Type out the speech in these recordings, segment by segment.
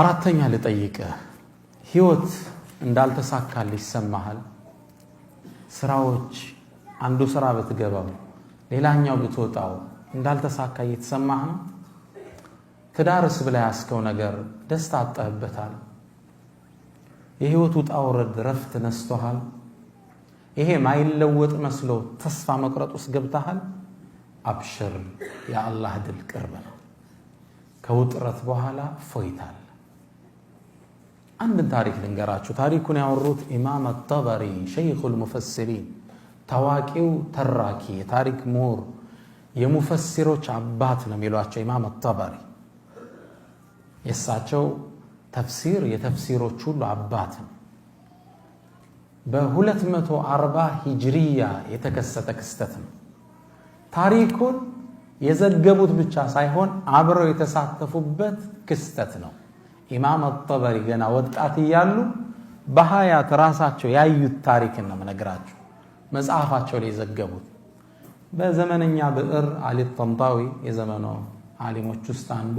አራተኛ ልጠይቅህ፣ ህይወት እንዳልተሳካል ይሰማሃል? ስራዎች አንዱ ስራ ብትገባው ሌላኛው ብትወጣው እንዳልተሳካ እየተሰማህ ነው? ትዳርስ ብላ ያስከው ነገር ደስታ አጠህበታል? የህይወት ውጣ ውረድ ረፍት ነስቶሃል? ይሄ ማይለወጥ መስሎ ተስፋ መቁረጥ ውስጥ ገብታሃል? አብሽር፣ የአላህ ድል ቅርብ ነው። ከውጥረት በኋላ ፎይታል። አንድን ታሪክ ልንገራችሁ። ታሪኩን ያወሩት ኢማም አጠበሪ ሸይኹል ሙፈሲሪን ታዋቂው ተራኪ የታሪክ ምሁር የሙፈሲሮች አባት ነው የሚሏቸው ኢማም አጠበሪ የእሳቸው ተፍሲር የተፍሲሮች ሁሉ አባት ነው። በ240 ሂጅሪያ የተከሰተ ክስተት ነው። ታሪኩን የዘገቡት ብቻ ሳይሆን አብረው የተሳተፉበት ክስተት ነው። ኢማም አጠበሪ ገና ወጣት እያሉ በሀያት ራሳቸው ያዩት ታሪክን ነው የምነግራችሁ። መጽሐፋቸው ላይ የዘገቡት በዘመነኛ ብዕር አሊ ጠንጣዊ የዘመኑ ዓሊሞች ውስጥ አንዱ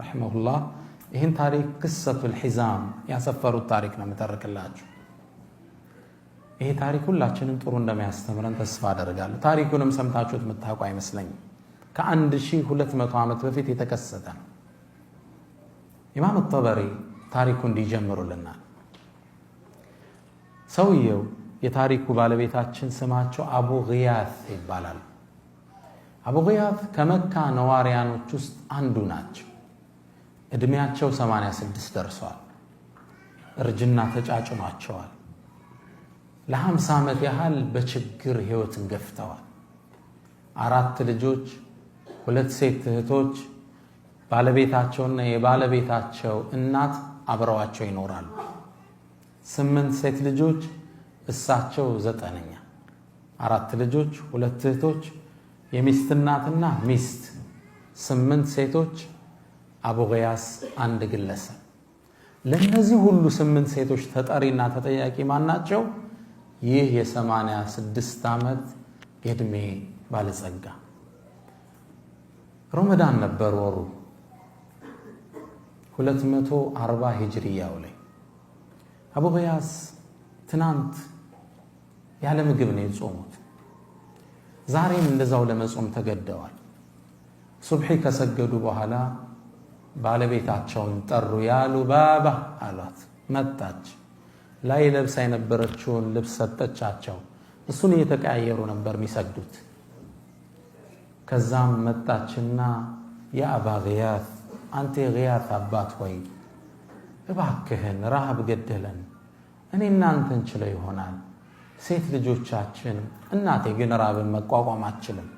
ረሕመሁላ ይህን ታሪክ ክሰቱ ልሒዛም ያሰፈሩት ታሪክ ነው የምተርክላችሁ። ይሄ ታሪክ ሁላችንም ጥሩ እንደሚያስተምረን ተስፋ አደርጋለሁ። ታሪኩንም ሰምታችሁት የምታውቁ አይመስለኝም። ከ1200 ዓመት በፊት የተከሰተ ነው። ኢማም ጠበሪ ታሪኩ እንዲጀምሩልናል። ሰውየው የታሪኩ ባለቤታችን ስማቸው አቡ ግያት ይባላል። አቡ ግያት ከመካ ነዋሪያኖች ውስጥ አንዱ ናቸው። ዕድሜያቸው 86 ደርሷል። እርጅና ተጫጭኗቸዋል። ለ50 ዓመት ያህል በችግር ሕይወትን ገፍተዋል። አራት ልጆች፣ ሁለት ሴት እህቶች ባለቤታቸውና የባለቤታቸው እናት አብረዋቸው ይኖራሉ። ስምንት ሴት ልጆች እሳቸው ዘጠነኛ፣ አራት ልጆች፣ ሁለት እህቶች፣ የሚስት እናትና ሚስት፣ ስምንት ሴቶች፣ አቦገያስ አንድ ግለሰብ። ለእነዚህ ሁሉ ስምንት ሴቶች ተጠሪና ተጠያቂ ማን ናቸው? ይህ የሰማንያ ስድስት ዓመት የዕድሜ ባለጸጋ። ሮመዳን ነበር ወሩ 240 ሂጅሪያው ላይ አቡበያስ ትናንት ያለ ምግብ ነው የጾሙት። ዛሬም እንደዛው ለመጾም ተገደዋል። ሱብሒ ከሰገዱ በኋላ ባለቤታቸውን ጠሩ። ያሉ ባባ አሏት። መጣች። ላይ ለብሳ የነበረችውን ልብስ ሰጠቻቸው። እሱን እየተቀያየሩ ነበር የሚሰግዱት። ከዛም መጣችና የአባ ግያት አንተ የግያት አባት ሆይ እባክህን ረሃብ ገደለን፣ እኔ እናንተ እንችለው ይሆናል ሴት ልጆቻችን እናቴ ግን ራብን መቋቋም አችልም።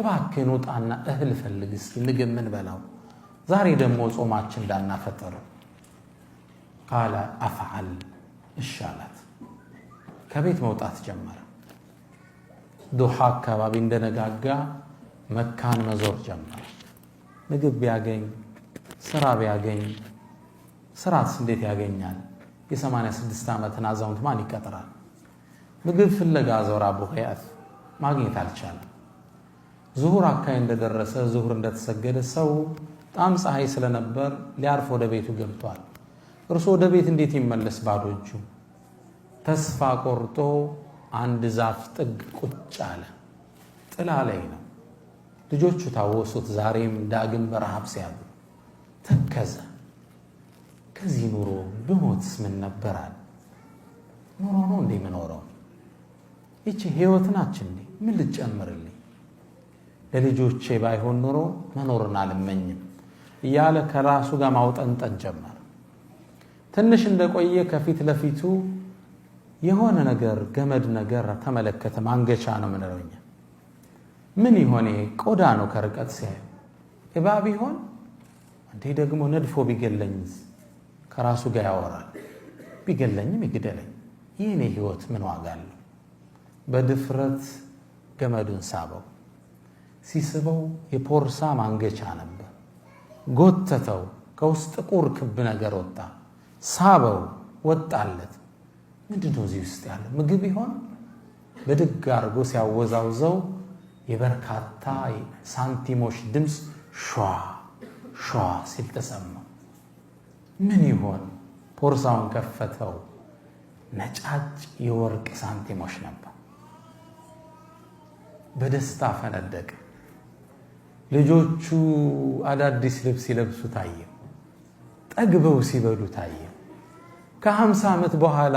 እባክህን ውጣና እህል ፈልግ እስኪ ምግብ ምን በላው ዛሬ ደግሞ ጾማችን እንዳናፈጠሩ ቃለ አፍዓል እሻላት ከቤት መውጣት ጀመረ። ዱሓ አካባቢ እንደነጋጋ መካን መዞር ጀመረ። ምግብ ቢያገኝ ስራ ቢያገኝ ስራስ እንዴት ያገኛል? የ86 ዓመትን አዛውንት ማን ይቀጥራል? ምግብ ፍለጋ ዞረ አቡ ኸያት ማግኘት አልቻለም። ዙሁር አካባቢ እንደደረሰ ዙሁር እንደተሰገደ ሰው በጣም ፀሐይ ስለነበር ሊያርፍ ወደ ቤቱ ገብቷል። እርሱ ወደ ቤት እንዴት ይመለስ? ባዶ እጁ። ተስፋ ቆርጦ አንድ ዛፍ ጥግ ቁጭ አለ። ጥላ ላይ ነው። ልጆቹ ታወሱት። ዛሬም ዳግም በረሃብ ሲያሉ ከዛ ከዚህ ኑሮ ብሞትስ ምን ነበራል? ኑሮ ነው እንዴ የምኖረው? ይቺ ህይወት ናች እንዴ? ምን ልጨምርልኝ? ለልጆቼ ባይሆን ኑሮ መኖርን አልመኝም እያለ ከራሱ ጋር ማውጠንጠን ጀመር። ትንሽ እንደቆየ ከፊት ለፊቱ የሆነ ነገር ገመድ ነገር ተመለከተ። ማንገቻ ነው ምንለውኛ ምን ይሆን? ቆዳ ነው። ከርቀት ሲያዩ እባብ ይሆን እንዲህ ደግሞ ነድፎ ቢገለኝስ ከራሱ ጋር ያወራል። ቢገለኝም ይግደለኝ፣ የእኔ ህይወት ምን ዋጋ አለው? በድፍረት ገመዱን ሳበው። ሲስበው የፖርሳ ማንገቻ ነበር። ጎተተው፣ ከውስጥ ጥቁር ክብ ነገር ወጣ። ሳበው፣ ወጣለት። ምንድነው እዚህ ውስጥ ያለ ምግብ ይሆን? በድግ አድርጎ ሲያወዛውዘው የበርካታ ሳንቲሞች ድምፅ ሸዋ ሿ ሲል ተሰማ። ምን ይሆን? ቦርሳውን ከፈተው። ነጫጭ የወርቅ ሳንቲሞች ነበር። በደስታ ፈነደቀ። ልጆቹ አዳዲስ ልብስ ሲለብሱ ታየ። ጠግበው ሲበሉ ታየ። ከሀምሳ ዓመት በኋላ